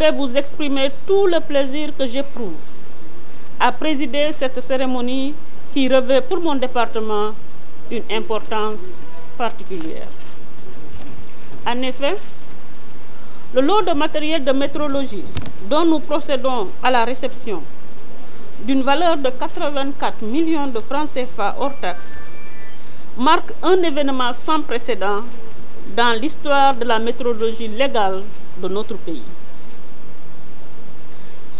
voudrais vous exprimer tout le plaisir que j'éprouve à présider cette cérémonie qui revêt pour mon département une importance particulière. En de matériel de métrologie dont nous à la réception d'une valeur de 84 millions de francs CFA hors taxes marque un événement sans précédent dans l'histoire de la métrologie légale de notre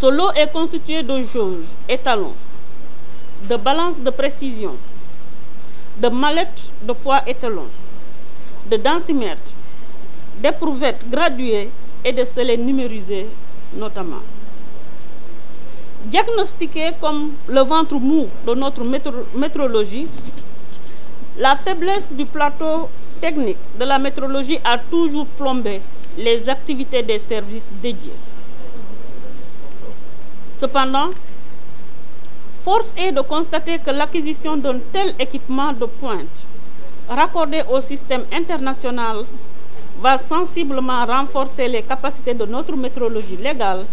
Ce lot est constitué de jauges, étalons, de balances de précision, de mallettes de poids étalons, de densimètres, d'éprouvettes graduées et de scellés numérisés notamment. Diagnostiqué comme le ventre mou de notre métrologie, la faiblesse du plateau technique de la métrologie a toujours plombé les activités des services dédiés. Cependant, force est de constater que l'acquisition d'un tel équipement de pointe, raccordé au système international, va sensiblement renforcer les capacités de notre métrologie légale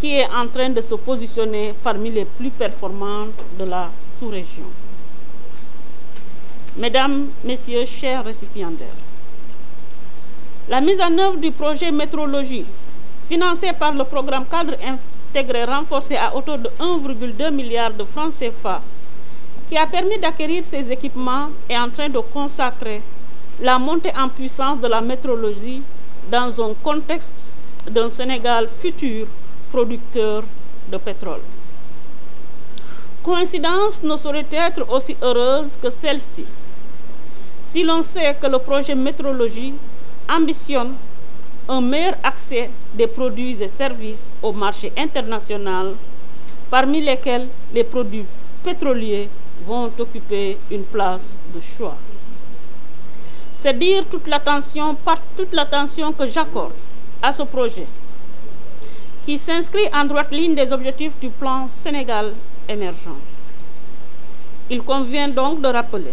qui est en train de se positionner parmi les plus performantes de la sous-région. Mesdames, Messieurs, chers récipiendaires, la mise en œuvre du projet métrologie financé par le programme cadre intégré renforcé à hauteur de 1,2 milliard de francs CFA, qui a permis d'acquérir ces équipements est en train de consacrer la montée en puissance de la métrologie dans un contexte d'un Sénégal futur producteur de pétrole. Coïncidence ne saurait être aussi heureuse que celle-ci. Si l'on sait que le projet métrologie ambitionne un meilleur accès des produits et services au marché international, parmi lesquels les produits pétroliers vont occuper une place de choix. C'est dire toute l'attention, par toute l'attention que j'accorde à ce projet, qui s'inscrit en droite ligne des objectifs du plan Sénégal émergent. Il convient donc de rappeler,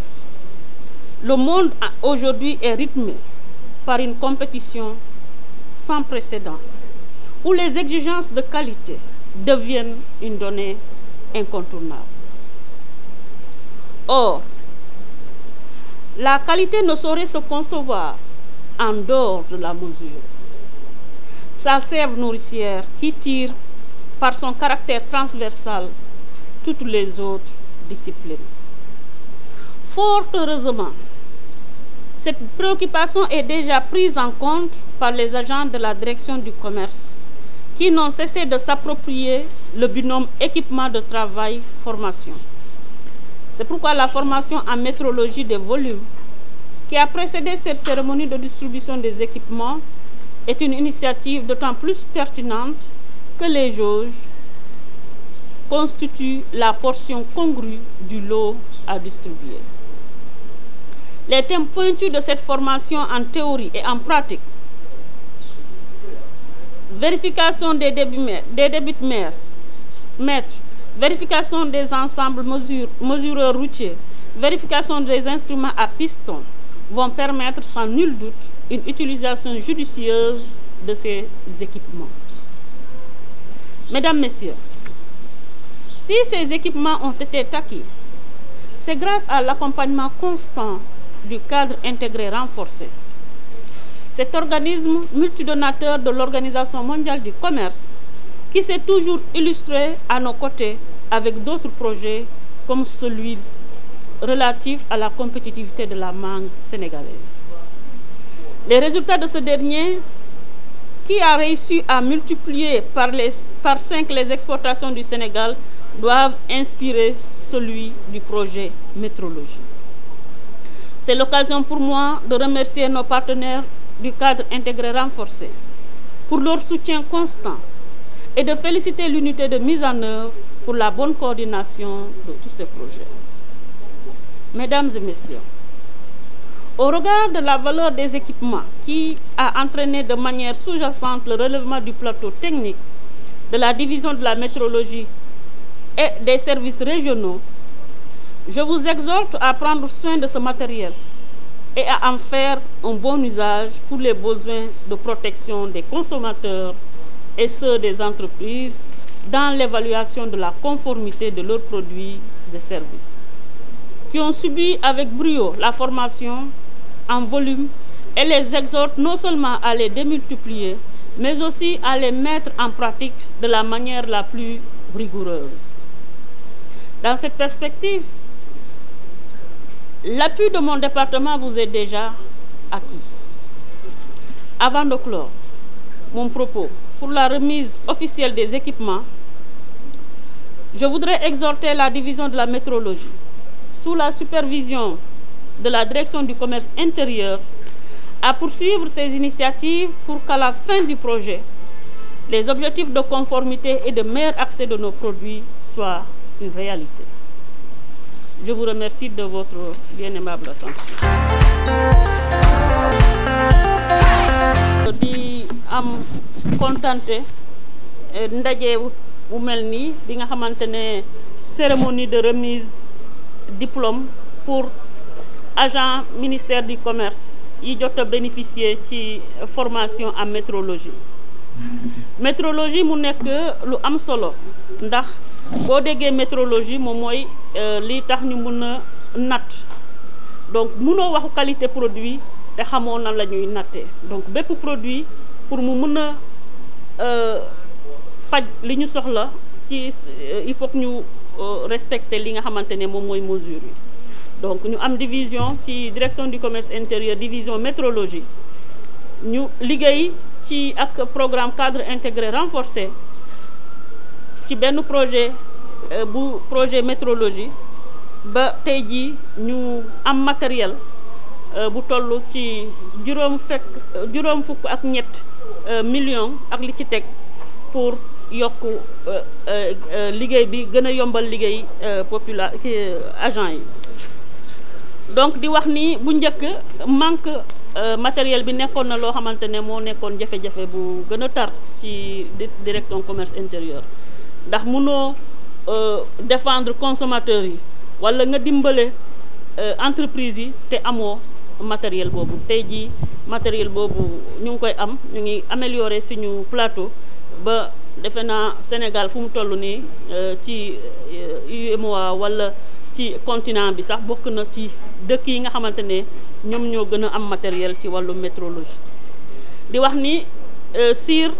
le monde aujourd'hui est rythmé par une compétition sans précédent, où les exigences de qualité deviennent une donnée incontournable. Or, la qualité ne saurait se concevoir en dehors de la mesure. Sa sève nourricière qui tire par son caractère transversal toutes les autres disciplines. Fort heureusement, Cette préoccupation est déjà prise en compte par les agents de la direction du commerce qui n'ont cessé de s'approprier le binôme équipement de travail-formation. C'est pourquoi la formation en métrologie des volumes qui a précédé cette cérémonie de distribution des équipements est une initiative d'autant plus pertinente que les jauges constituent la portion congrue du lot à distribuer. les thèmes pointus de cette formation en théorie et en pratique. Vérification des débits des débits mètres, mètres, vérification des ensembles mesure, mesureurs routiers, vérification des instruments à piston vont permettre sans nul doute une utilisation judicieuse de ces équipements. Mesdames, Messieurs, si ces équipements ont été acquis, c'est grâce à l'accompagnement constant du cadre intégré renforcé. Cet organisme multidonateur de l'Organisation mondiale du commerce, qui s'est toujours illustré à nos côtés avec d'autres projets comme celui relatif à la compétitivité de la mangue sénégalaise. Les résultats de ce dernier, qui a réussi à multiplier par, les, par 5 les exportations du Sénégal, doivent inspirer celui du projet Métrologie. C'est l'occasion pour moi de remercier nos partenaires du cadre intégré renforcé pour leur soutien constant et de féliciter l'unité de mise en œuvre pour la bonne coordination de tous ces projets. Mesdames et messieurs, au regard de la valeur des équipements qui a entraîné de manière sous-jacente le relèvement du plateau technique de la division de la métrologie et des services régionaux, Je vous exhorte à prendre soin de ce matériel et à en faire un bon usage pour les besoins de protection des consommateurs et ceux des entreprises dans l'évaluation de la conformité de leurs produits et services, qui ont subi avec brio la formation en volume et les exhorte non seulement à les démultiplier, mais aussi à les mettre en pratique de la manière la plus rigoureuse. Dans cette perspective, L'appui de mon département vous est déjà acquis. Avant de clore mon propos pour la remise officielle des équipements, je voudrais exhorter la division de la métrologie, sous la supervision de la direction du commerce intérieur, à poursuivre ces initiatives pour qu'à la fin du projet, les objectifs de conformité et de meilleur accès de nos produits soient une réalité. Je vous remercie de votre bien aimable attention. di am kontante eh, ndaje wu mel nii bi nga xamante ne cérémonie de remise diplôme pour agent ministère du commerce yi jot a bénéficier ci formation en métrologie métrologie mu nekk lu am solo ndax boo déggee métrologie moom mooy. Euh, lii tax ñu mun a natt donc munoo waxu qualité produit te xamoon nan la ñuy nattee donc bépp produit pour mu mun a euh, faj li ñu soxla ci euh, il faut que ñu respecter li nga xamante ne moom mooy mesure yi donc ñu am division ci direction du commerce intérieur division métrologie ñu liggéey ci ak programme cadre intégré renforcé ci benn projet Euh, bu projet métrologie ba tey jii ñu am matériel euh, bu toll ci juróom fekk euh, juróom fukk ak ñett million ak li ci teg pour yokk liggéey bi gën a yombal liggéey popula agent yi donc di wax ni bu njëkk manque matériel bi nekkoon na loo xamante ne moo nekkoon jafe-jafe bu gën a tar ci direction commerce intérieur ndax mënoo Euh, defendre consommateurs yi wala nga dimbale euh, entreprise yi te amoo matériel boobu tey jii matériel boobu ñu ngi koy am ñu ngi améliorer suñu plateau ba defe naa Sénégal fu mu toll nii euh, ci UEMOA wala ci continent bi sax bokk na ci dëkk yi nga xamante ne ñoom ñoo gën a am matériel ci wàllu métrologie di wax ni SIR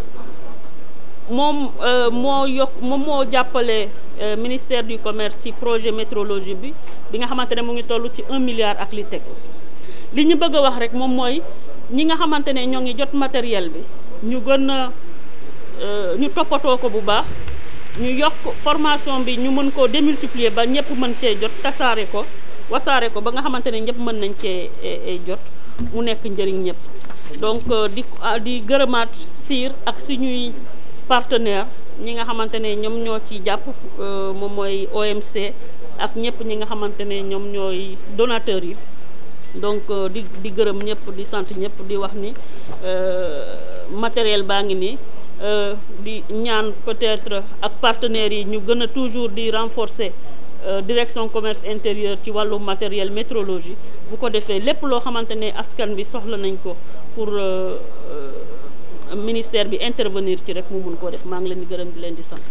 moom moo yokk moom moo jàppale. Euh, ministère du commerce ci projet métrologie bi bi nga xamante ne mu ngi toll ci un milliard ak li tegu li ñu bëgg a wax rek moom mooy ñi nga xamante ne ñoo ngi jot matériel bi ñu gën a euh, ñu toppatoo ko bu baax ñu yokk formation bi ñu mën koo démultiplier ba ñëpp mën cee jot tasaare ko wasaare ko ba nga xamante ne ñëpp mën nañ cee eh, eh, jot mu nekk njëriñ ñëpp donc euh, di di gërëmaat siir ak suñuy partenaire ñi nga xamante ne ñoom ñoo ci jàpp euh, moom mooy OMC ak ñëpp ñi nga xamante ne ñoom ñooy donateurs yi donc euh, di di gërëm ñëpp di sant ñëpp di wax ni euh, matériel baa ngi nii di ñaan peut-être ak partenaires yi ñu gën a toujours di renforcer direction commerce intérieur ci wàllu matériel métrologie bu ko defee lépp loo xamante ne askan bi soxla nañ ko pour. ministère bi intervenir ci rek mu mun koo def maa ngi leen di gërëm di leen di sant